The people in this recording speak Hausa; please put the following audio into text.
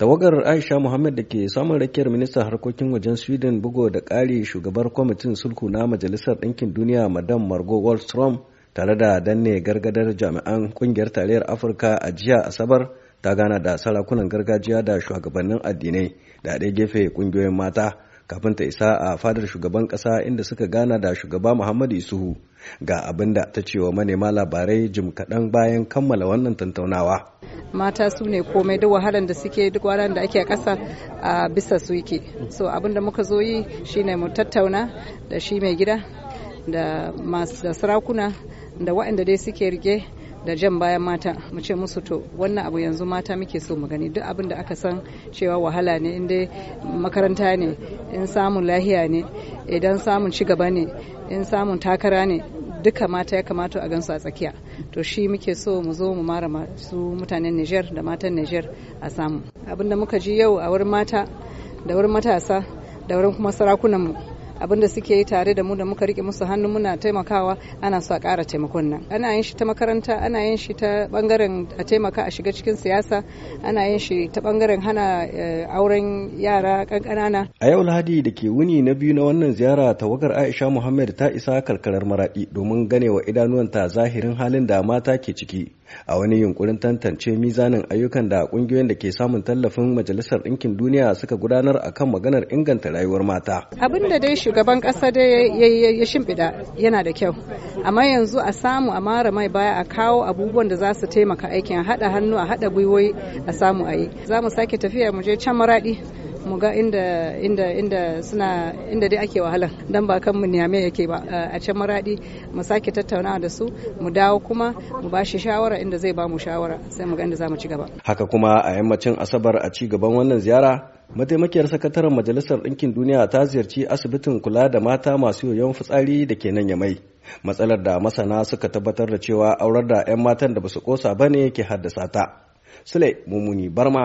tawagar aisha muhammad da ke samun rakiyar ministan harkokin wajen sweden bugo da ƙari shugabar kwamitin sulhu na majalisar ɗinkin duniya madam margo wallstrom tare da danne gargadar jami'an kungiyar tarayyar afirka a jiya asabar ta gana da sarakunan gargajiya da shugabannin addinai da ɗaya gefe ƙungiyoyin mata kafin ta isa a fadar shugaban ƙasa inda suka gana da shugaba Muhammadu Isuhu ga abin da ta cewa manema labarai jim kaɗan bayan kammala wannan tantaunawa. Mata su ne komai duk wahalar da suke duk wahalar da ake a ƙasa a bisa su yake. So abin da muka zo yi ne mu tattauna da shi mai gida da masu da sarakuna da waɗanda dai suke rige da jan bayan mata mu ce musu to wannan abu yanzu mata muke so mu gani duk abin da aka san cewa wahala ne inda makaranta ne in samun lahiya ne idan samun ci gaba ne in samun takara ne duka mata ya kamata a gansu a tsakiya to shi muke so mu zo mu mara su mutanen Niger da matan Niger a samu abinda muka ji yau a wurin mata da wurin matasa da wurin kuma sarakunanmu abinda suke yi tare da mu da muka rike musu hannu muna taimakawa ana so a kara taimakon nan ana yin shi ta makaranta ana yin shi ta bangaren a taimaka a shiga cikin siyasa ana yin shi ta bangaren hana eh, auren yara kankanana a yau lahadi da ke wuni na biyu na wannan ziyara tawagar aisha muhammad ta isa karkarar maradi domin ganewa idanuwanta zahirin halin da mata ke ciki a wani yunkurin tantance mizanin ayyukan da kungiyoyin da ke samun tallafin majalisar ɗinkin duniya suka gudanar a kan maganar inganta rayuwar mata abin da dai shugaban ƙasa da ya shimfiɗa yana da kyau amma yanzu a samu a mara mai baya a kawo abubuwan da za su taimaka aikin a haɗa hannu a haɗa gwiwoyi a samu a yi za mu sake tafiya mu je can maraɗi mu ga inda inda inda suna inda dai ake wahala dan ba kanmu niyame yake ba eh, a can maradi mu sake tattaunawa da su mu dawo kuma mu ba shi shawara inda zai ba mu shawara sai mu ga inda za mu ci gaba haka kuma a yammacin asabar a ci gaban wannan ziyara mataimakiyar sakataren majalisar ɗinkin duniya ta ziyarci asibitin kula da mata masu yoyon fitsari da ke nan yamai matsalar da masana suka tabbatar da cewa aurar da 'yan matan da basu kosa ba ne ke haddasa ta sule mummuni barma